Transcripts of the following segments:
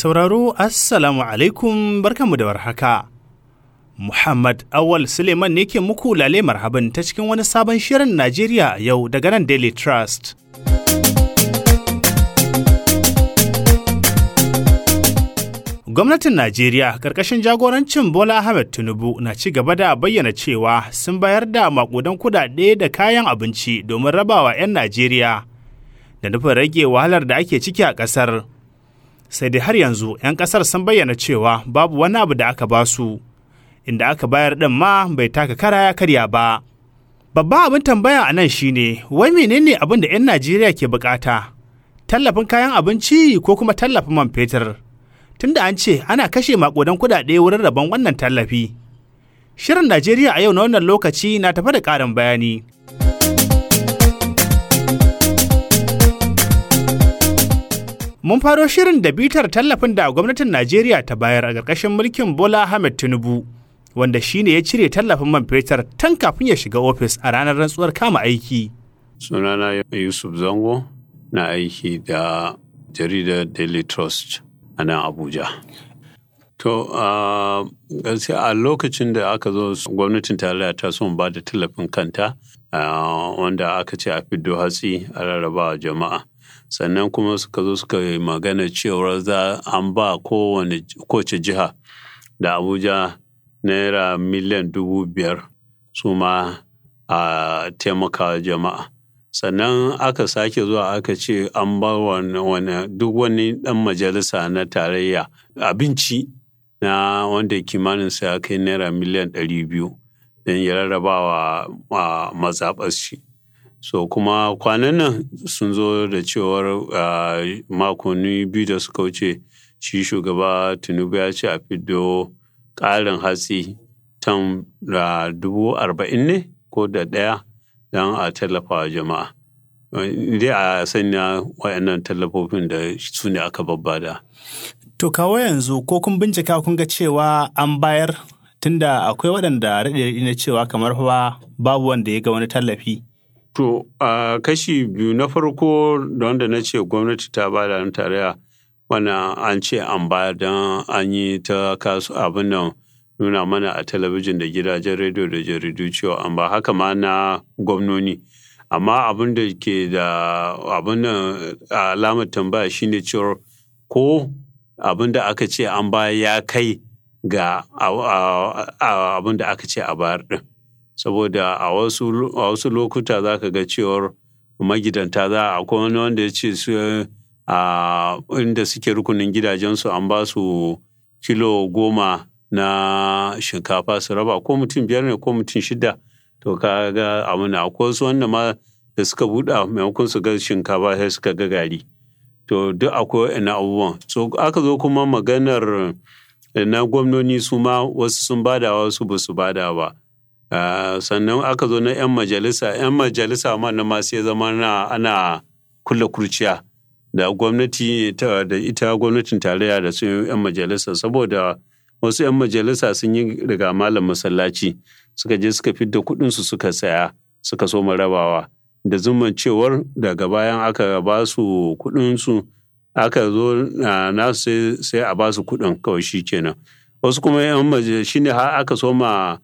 sauraro Assalamu alaikum barkanmu da warhaka. Muhammad Awal Suleiman ne ke muku lale marhaban ta cikin wani sabon shirin Najeriya yau daga nan Daily Trust. Gwamnatin Najeriya ƙarƙashin jagorancin Bola Ahmed Tinubu na ci gaba da bayyana cewa sun bayar da makudan kudade da kayan abinci domin rabawa 'yan Najeriya da nufin rage wahalar da ake ciki a ƙasar. sai dai har yanzu 'yan kasar sun bayyana cewa babu wani abu da aka basu inda aka bayar ɗin ma bai taka kara ya karya ba babban abin tambaya a nan shine wai menene abin da 'yan najeriya ke bukata tallafin kayan abinci ko kuma tallafin man fetur tunda an ce ana kashe makudan kudade wurin rabon wannan tallafi shirin najeriya a yau na wannan lokaci na tafa da ƙarin bayani. Mun faro shirin da bitar tallafin da gwamnatin Najeriya ta bayar a ƙarƙashin mulkin Bola Ahmed Tinubu, wanda shi ne ya cire tallafin man fetur tan kafin ya shiga ofis a ranar rantsuwar kama aiki. Sunana Yusuf Zango na aiki da jaridar Daily Trust a nan Abuja. To, a lokacin da aka zo gwamnatin tarayya ta son ba da tallafin kanta, wanda aka ce a fiddo hatsi a rarraba jama'a. sannan kuma suka zo suka yi magana cewar za an ba kowane kowace jiha da abuja naira miliyan dubu biyar su ma a taimaka jama'a sannan aka sake zuwa aka ce an ba wani duk wani dan majalisa na tarayya abinci na wanda kimanin sai kai naira miliyan ɗari biyu don ya rarrabawa a shi so kuma kwanan nan sun zo da cewar makonni biyu da suka wuce shi shugaba tinubu ya ce a fido ƙarin hatsi tan dubu arba'in ne ko da ɗaya don a tallafa wa jama'a dai a sanya wa'annan tallafofin da su ne aka babbada. To kawo yanzu ko kun bincika kun ga cewa an bayar tunda akwai waɗanda raɗe na cewa kamar fa babu wanda ya ga wani tallafi To, a kashi biyu na farko da wanda na ce gwamnati ta ba da tarayya wana an ce an ba don an yi ta kasu abin nan nuna mana a talabijin da gidajen rediyo da jaridu cewa an ba haka ma na gwamnoni. Amma abin da ke da abin nan alamar tambaya shi ne cewa ko abin da aka ce an ba ya kai ga abin da aka ce a bayar ɗin. saboda a wasu lokuta za ka ga cewar magidanta za a akwai wani wanda ya ce su a inda suke rukunin gidajensu an ba su kilo goma na shinkafa su raba ko mutum biyar ne ko mutum shida to ka ga amina akwai wasu wanda ma da suka buɗa maimakon su ga shinkafa sai suka ga gari to duk akwai wa'annan abubuwan so aka zo kuma maganar na gwamnoni su ma wasu sun bada wasu ba su bada ba Ah, sannan aka zo na 'yan majalisa 'yan majalisa ma na ma sai zama na ana kulle kurciya da gwamnati da ita gwamnatin tarayya da su 'yan majalisa saboda wasu 'yan majalisa sun yi riga malam masallaci suka je suka fidda kuɗinsu suka saya suka so rabawa da zuman cewar daga bayan aka ba su kuɗinsu aka zo na ah, nasu sai a ba su kuɗin kawai shi kenan wasu kuma 'yan majalisa shine har aka soma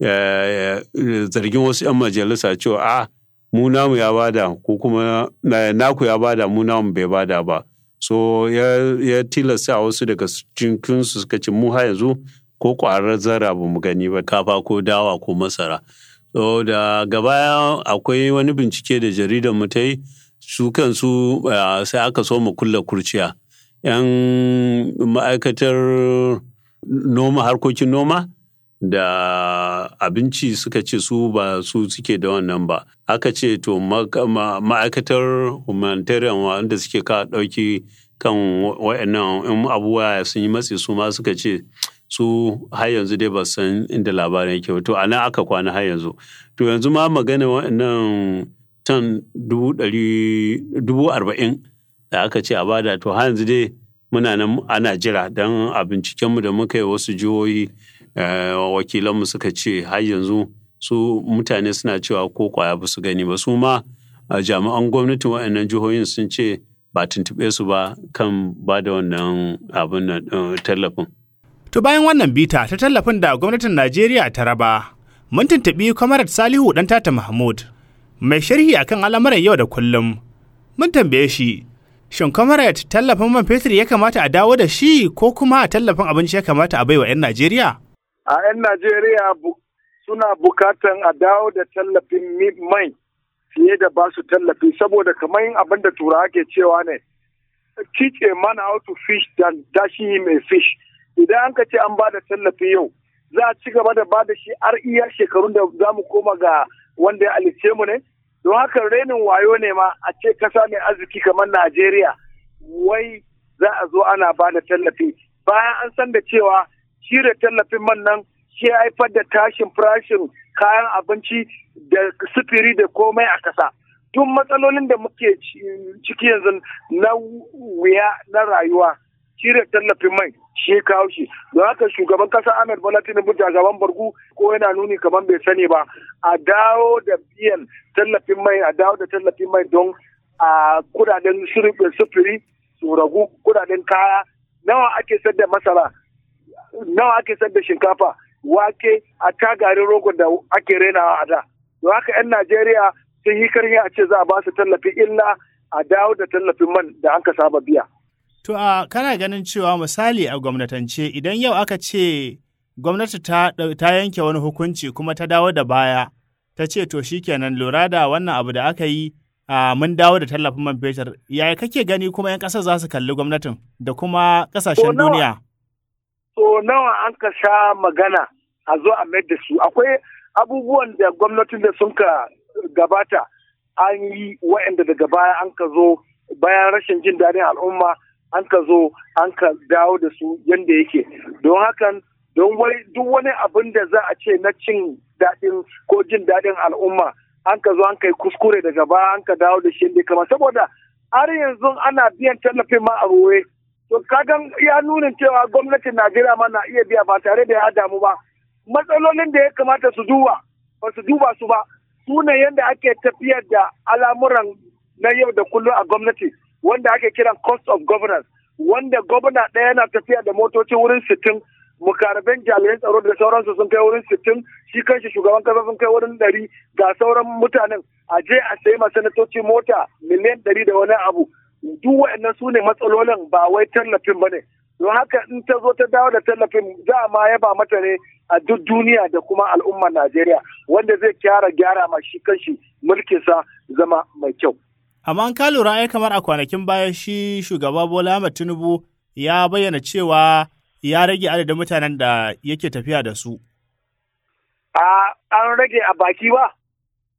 zargin wasu 'yan majalisa cewa a ah, mu ya bada ko kuma naku ya bada mu bai bada ba so ya tilasta wasu daga cikinsu suka ce mu ha yanzu ko ƙwarar zara ba mu gani ba kafa ko dawa ko masara so da gaba akwai wani bincike da jaridar mu ta yi su kansu sai aka so mu kulla kurciya 'yan ma'aikatar noma harkokin noma da abinci suka ce su ba su suke da wannan ba aka ce to ma'aikatar humanitarian wanda suke ka ɗauki kan wa'annan in abubuwa sun yi matsi su ma suka ce su har yanzu dai ba san inda labarin yake ba to a nan aka kwana har yanzu to yanzu ma magana wa'annan tan dubu arba'in da aka ce a bada to har yanzu dai muna nan ana jira don a mu da muka yi wasu jihohi Eh, wakilanmu suka ce har yanzu su mutane suna cewa ko kwaya ba su gani ba su ma jami'an gwamnatin waɗannan jihohin sun ce ba tuntuɓe su ba kan ba da wannan abin eh, tallafin. To bayan wannan bita ta tallafin da gwamnatin Najeriya ta raba, mun tuntuɓi Kwamarat Salihu ɗan tata Mahmud, mai sharhi akan al'amuran yau da kullum. Mun tambaye shi, shin Kwamarat tallafin man fetur ya kamata a dawo da shi ko kuma tallafin abinci ya kamata a baiwa 'yan Najeriya? a 'yan najeriya suna bukatan a dawo da tallafin mai fiye da ba su tallafi saboda kamar abin da turawa ke cewa ne teach a man how to fish dan mai mai fish idan an ka ce an ba da tallafi yau za a ci gaba da ba da shi har iya shekarun da za mu koma ga wanda ya alice mu ne don haka renin wayo ne ma a ce kasa mai arziki kamar najeriya wai za a zo ana ba da tallafi bayan an san da cewa cire tallafin man nan shi haifar da tashin farashin kayan abinci da sufuri da komai a kasa tun matsalolin da muke ciki yanzu na wuya na rayuwa cire tallafin mai shi ya kawo shi don haka shugaban kasa ahmed bola tinubu gaban bargu ko yana nuni kamar bai sani ba a dawo da biyan tallafin mai a dawo da tallafin mai don a kudaden sufuri su ragu kudaden kaya nawa ake sayar masara nawa ake sayar da shinkafa wake a ta garin rogo da ake rena a da to haka 'yan najeriya sun yi karni a ce za a ba su tallafi illa a dawo da tallafin man da an ka saba biya to a kana ganin cewa misali a gwamnatance idan yau aka ce gwamnati ta, ta yanke wani hukunci kuma ta dawo da baya ta ce to shikenan lura da wannan abu da aka yi a mun dawo da tallafin man fetur yaya kake gani kuma 'yan ƙasar za su kalli gwamnatin da kuma ƙasashen duniya so nawa an ka sha magana a zo a mai da su akwai abubuwan da gwamnatin da sun ka gabata an yi wa'anda daga baya an ka zo bayan rashin jin daɗin al'umma an ka zo an ka dawo da su yadda yake don hakan don duk wani abin da za a ce na cin daɗin ko jin daɗin al'umma an ka zo an kai kuskure daga baya an ka dawo da shi yadda kama saboda har yanzu ana biyan tallafin ma a To kagan ya nuna cewa gwamnatin Najeriya ma na iya biya ba tare da ya damu ba. Matsalolin da ya kamata su duba ba su duba su ba su ne yadda ake tafiyar da al'amuran na yau da kullum a gwamnati wanda ake kiran cost of governance wanda gwamna ɗaya yana tafiya da motoci wurin sittin mukarabin jami'an tsaro da sauransu sun kai wurin sittin shi kanshi shugaban kasa sun kai wurin ɗari ga sauran mutanen a je a sayi masanatoci mota miliyan ɗari da wani abu duk waɗannan su ne matsalolin ba wai tallafin ba ne don haka in ta zo ta dawo da tallafin za a ma yaba mata ne a duk duniya da kuma al'ummar najeriya wanda zai kyara gyara ma shi kanshi sa zama mai kyau amma an ka lura ai kamar a kwanakin baya shi shugaba bola ahmed tinubu ya bayyana cewa ya rage adadin mutanen da yake tafiya da su a an rage a baki ba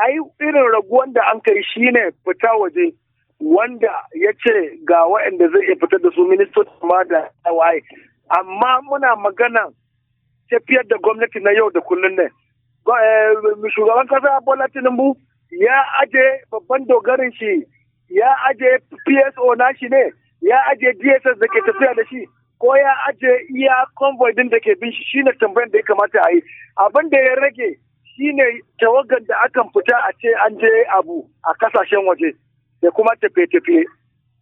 ai irin raguwan da an kai shine fita waje wanda ya ce ga waɗanda zai iya fitar da su ministoci ma da waye amma muna magana tafiyar da gwamnati na yau da kullum ne eh, shugaban kasa bola tinubu ya aje babban dogarin shi ya aje pso na shi ne ya aje dss da ke tafiya da shi ko ya aje iya convoy din da ke bin shi shine tambayar da ya kamata a yi abin da ya rage shine tawagar da akan fita a ce an je abu a kasashen waje da kuma tafe-tafe.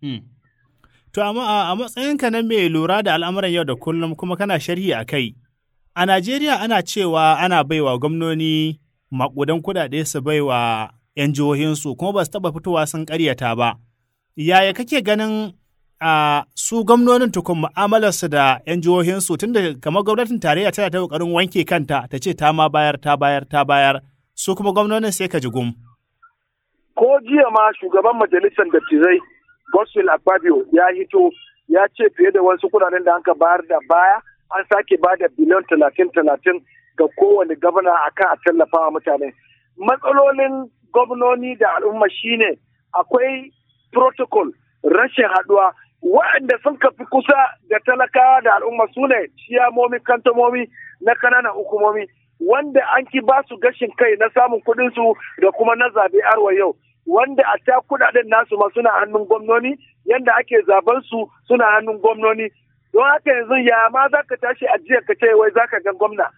Hmm. To, amma a matsayinka na mai lura da al'amuran yau da kullum kuma kana sharhi a kai, a Najeriya ana cewa ana baiwa gwamnoni maƙudan kuɗaɗe su baiwa 'yan jihohinsu kuma ba su taɓa fitowa sun ƙaryata ba. Yaya kake ganin a su gwamnonin tukun mu'amalarsu da 'yan jihohinsu tun da kamar gwamnatin tarayya tana ta ƙoƙarin wanke kanta ta ce ta ma bayar ta bayar ta bayar su kuma gwamnonin sai ka ji gum. ko jiya ma shugaban majalisar dattijai gospel akpabio ya hito ya ce fiye da wasu kudaden da anka bayar da baya an sake ba da biliyan talatin talatin ga kowane gabana akan a tallafa wa mutane matsalolin gwamnoni da al'umma shine akwai protocol rashin haduwa waɗanda sun kafi kusa da talakawa da al'umma su ne ciyamomi kantomomi na kananan hukumomi wanda an ki ba su gashin kai na samun kuɗin da kuma na zabe arwa yau wanda a ta kuɗaɗen nasu ma suna hannun gwamnoni yanda ake zaben su suna hannun gwamnoni don haka yanzu ya ma za ka tashi ajiyar ka ce wai za ka ga gwamna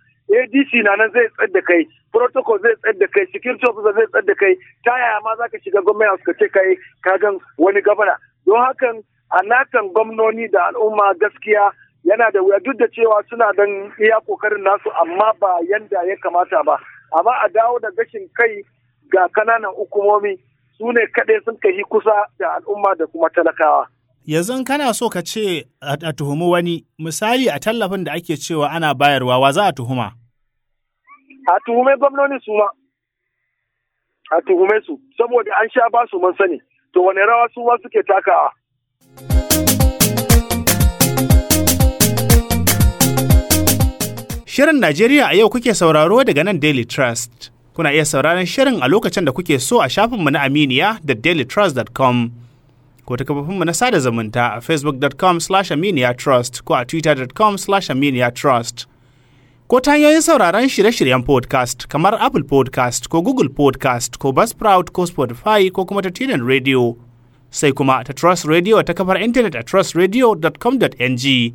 adc na nan zai tsar da kai protocol zai tsar da kai security officer zai tsar da kai ta yaya ma za ka shiga gwamnati house ka ce kai ka gan wani gabana don hakan nakan gwamnoni da al'umma gaskiya yana da wuya duk da cewa suna dan iya kokarin nasu amma ba yanda ya kamata ba amma a dawo da gashin kai ga kananan hukumomi su ne kaɗai sun kai kusa da al'umma da kuma talakawa. Yanzu kana so ka ce a tuhumi wani misali a tallafin da ake cewa ana bayarwa wa za a tuhuma? A tuhume gwamnoni su ma. A tuhume su saboda an sha ba su man sani to wane rawa su ma suke takawa. Shirin Najeriya a yau kuke sauraro daga nan Daily Trust. Kuna iya sauraron shirin a lokacin da kuke so a shafinmu na Aminiya da dailytrust.com ko ta mu na sada zumunta a facebook.com slash aminiyatrust ko a twitter.com slash aminiyatrust. Ko ta hanyoyin sauraron shirye-shiryen podcast kamar Apple podcast ko Google podcast ko Buzzsprout ko Spotify ko kuma ta Tunin Radio. Sai kuma ta Trust Radio ta kafar intanet a trustradio.com.ng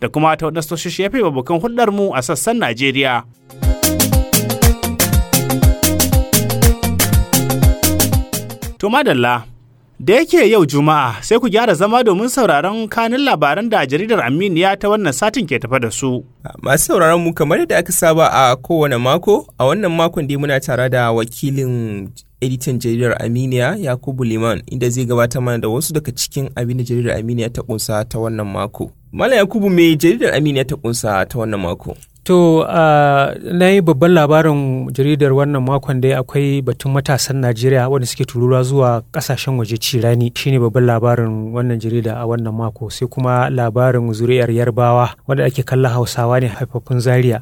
da kuma ta waɗansu toshoshi ya fi hulɗar mu a sassan Najeriya. To madalla, da yake yau Juma'a sai ku gyara zama domin sauraron kanin labaran da jaridar Aminiya ta wannan satin ke tafa da su. Ah, masu sauraron mu kamar yadda aka saba a kowane mako, a wannan makon dai muna tare da wakilin editan jaridar aminiya yakubu liman inda zai gabatar mana da wasu daga cikin abin da jaridar aminiya ta kunsa ta wannan mako malam yakubu mai jaridar aminiya ta kunsa ta wannan mako To, na yi babban labarin jaridar wannan makon dai akwai batun matasan Najeriya wanda suke tururuwa zuwa kasashen waje ci cirani shine babban labarin wannan jarida a wannan mako sai kuma labarin zuri'ar Yarbawa wanda ake kalla Hausawa ne haifafin Zaria.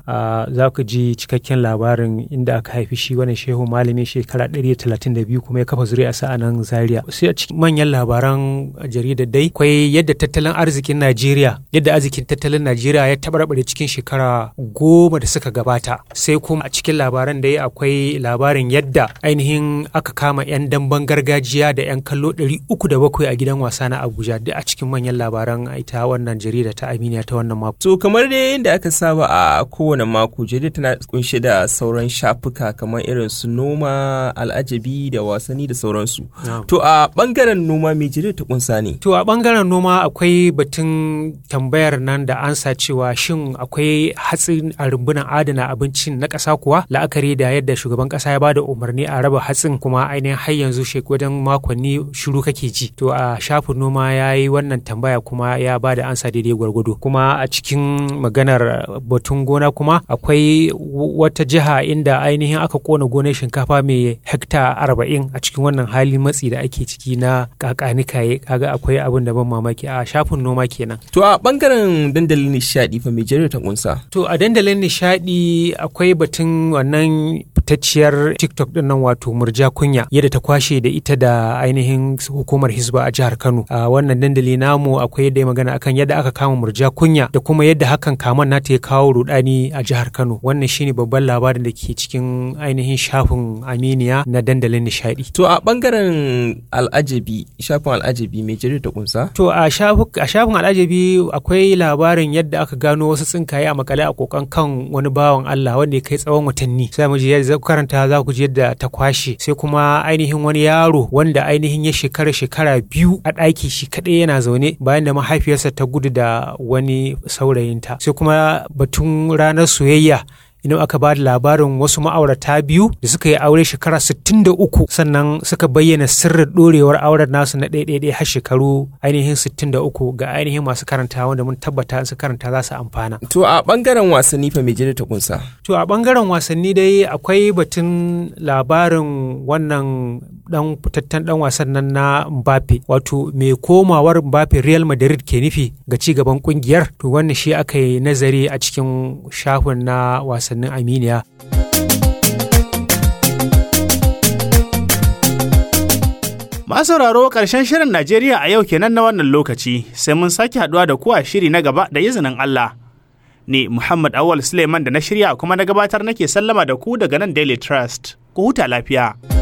Za ku ji cikakken labarin inda aka haifi shi wani shehu malami shekara 132 kuma ya kafa zuri'a a nan Zaria. Sai a cikin manyan labaran jaridar dai akwai yadda tattalin arzikin Najeriya yadda arzikin tattalin Najeriya ya taɓarɓare cikin shekara goma da suka gabata sai kuma a cikin labaran da ya akwai labarin yadda ainihin aka kama 'yan damben gargajiya da 'yan kallo 307 a gidan wasa na abuja duk a cikin manyan labaran ita wannan jarida ta aminiya ta wannan mako. to kamar dai yadda aka saba a kowane mako jarida tana kunshe da sauran shafuka kamar irin su noma al'ajabi da wasanni da sauransu to a bangaren noma me jarida ta kunsa ne to a bangaren noma akwai batun tambayar nan da ansa cewa shin akwai hatsi a rumbunan adana abincin na ƙasa kuwa la'akari da yadda shugaban ƙasa ya bada umarni a raba hatsin kuma ainihin har yanzu wajen makonni shiru kake ji to a shafin noma ya yi wannan tambaya kuma ya ba da ansa daidai gwargwado kuma a cikin maganar batun gona kuma akwai wata jiha inda ainihin aka kona gonar shinkafa mai hekta arba'in a cikin wannan halin matsi da ake ciki na kakanikaye kaga akwai abin da ban mamaki a shafin noma kenan to a bangaren dandalin nishadi fa mai jarida ta kunsa to a dandalin nishaɗi akwai batun wannan fitacciyar tiktok din nan wato murja kunya yadda ta kwashe da ita da ainihin hukumar hisba a jihar kano a wannan dandali namu akwai yadda ya magana akan yadda aka kama murja kunya da kuma yadda hakan kaman nata ya kawo rudani a jihar kano wannan shine babban labarin da ke cikin ainihin shafin aminiya na dandalin nishadi to a bangaren al'ajabi shafin al'ajabi mai jirgin ta kunsa to a shafin al'ajabi akwai labarin yadda aka gano wasu tsinkaye a makale a kokan kan wani bawan Allah wanda ya kai tsawon watanni sai mu ya za karanta za ku ji yadda ta kwashe sai kuma ainihin wani yaro wanda ainihin ya shekara shekara biyu a ɗaki shi kaɗai yana zaune bayan da mahaifiyarsa ta gudu da wani saurayinta sai kuma batun ranar soyayya ina aka ba da labarin wasu ma'aurata biyu da suka yi aure shekara 63 sannan suka bayyana sirrin dorewar auren nasu na ɗaiɗaiɗai har shekaru ainihin 63 ga ainihin masu karanta wanda mun tabbata su karanta za su amfana. To a ɓangaren wasanni fa mejini ta kunsa? To a ɓangaren wasanni dai akwai batun labarin wannan dan fitattun dan wasan nan na Mbappe wato mai komawar Mbappe Real Madrid ke nufi ga ci gaban kungiyar to wannan shi aka yi nazari a cikin shafin na wasanni wasannin aminiya sauraro ƙarshen shirin Najeriya a yau kenan na wannan lokaci sai mun sake haɗuwa da kuwa shiri na gaba da izinin Allah. Ni Muhammad Awal Suleiman da na shirya kuma na gabatar nake sallama da ku daga nan Daily Trust. Ku huta lafiya.